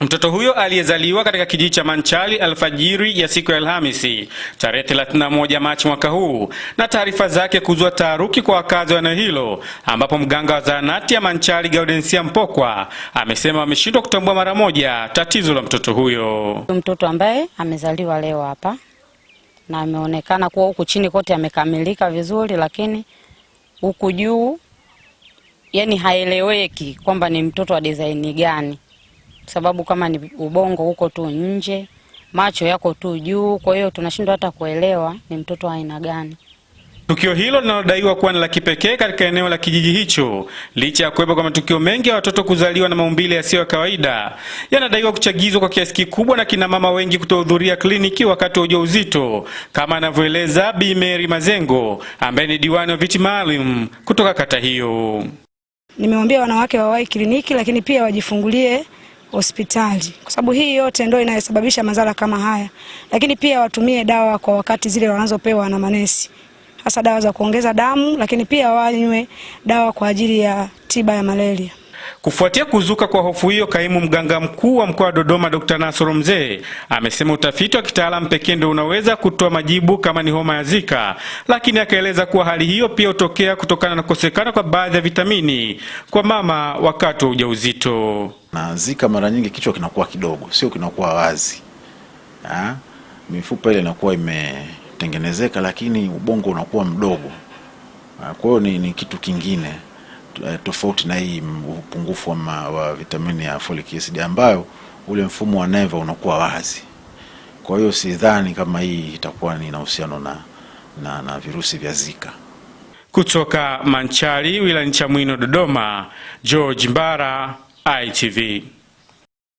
Mtoto huyo aliyezaliwa katika kijiji cha Manchali alfajiri ya siku ya Alhamisi tarehe 31 Machi mwaka huu na taarifa zake kuzua taharuki kwa wakazi wa eneo hilo, ambapo mganga wa zahanati ya Manchali Gaudensia Mpokwa amesema wameshindwa kutambua mara moja tatizo la mtoto huyo. Mtoto ambaye amezaliwa leo hapa na ameonekana kuwa huku chini kote amekamilika vizuri, lakini huku juu yani haeleweki kwamba ni mtoto wa design gani sababu kama ni ubongo huko tu nje, macho yako tu juu, kwa hiyo tunashindwa hata kuelewa ni mtoto wa aina gani. Tukio hilo linalodaiwa kuwa ni la kipekee katika eneo la kijiji hicho, licha ya kuwepo kwa matukio mengi ya watoto kuzaliwa na maumbile yasiyo ya kawaida, yanadaiwa kuchagizwa kwa kiasi kikubwa na kina mama wengi kutohudhuria kliniki wakati wa ujauzito, kama anavyoeleza Bi Mary Mazengo ambaye ni diwani wa viti maalum kutoka kata hiyo. Nimewaambia wanawake wawahi kliniki, lakini pia wajifungulie hospitali, kwa sababu hii yote ndio inayosababisha madhara kama haya. Lakini pia watumie dawa kwa wakati zile wanazopewa na manesi, hasa dawa za kuongeza damu, lakini pia wanywe dawa kwa ajili ya tiba ya malaria. Kufuatia kuzuka kwa hofu hiyo, kaimu mganga mkuu wa mkoa wa Dodoma Dr. Nasoro Mzee amesema utafiti wa kitaalamu pekee ndio unaweza kutoa majibu kama ni homa ya Zika, lakini akaeleza kuwa hali hiyo pia hutokea kutokana na kukosekana kwa baadhi ya vitamini kwa mama wakati wa ujauzito na Zika mara nyingi kichwa kinakuwa kidogo, sio kinakuwa wazi ha? mifupa ile inakuwa imetengenezeka, lakini ubongo unakuwa mdogo. Kwa hiyo ni, ni kitu kingine eh, tofauti na hii upungufu wa, wa vitamini ya folic acid ambayo ule mfumo wa neva unakuwa wazi. Kwa hiyo sidhani kama hii itakuwa na uhusiano na, na, na virusi vya Zika. Kutoka Manchari wilayani Chamwino, Dodoma, George Mbara. ITV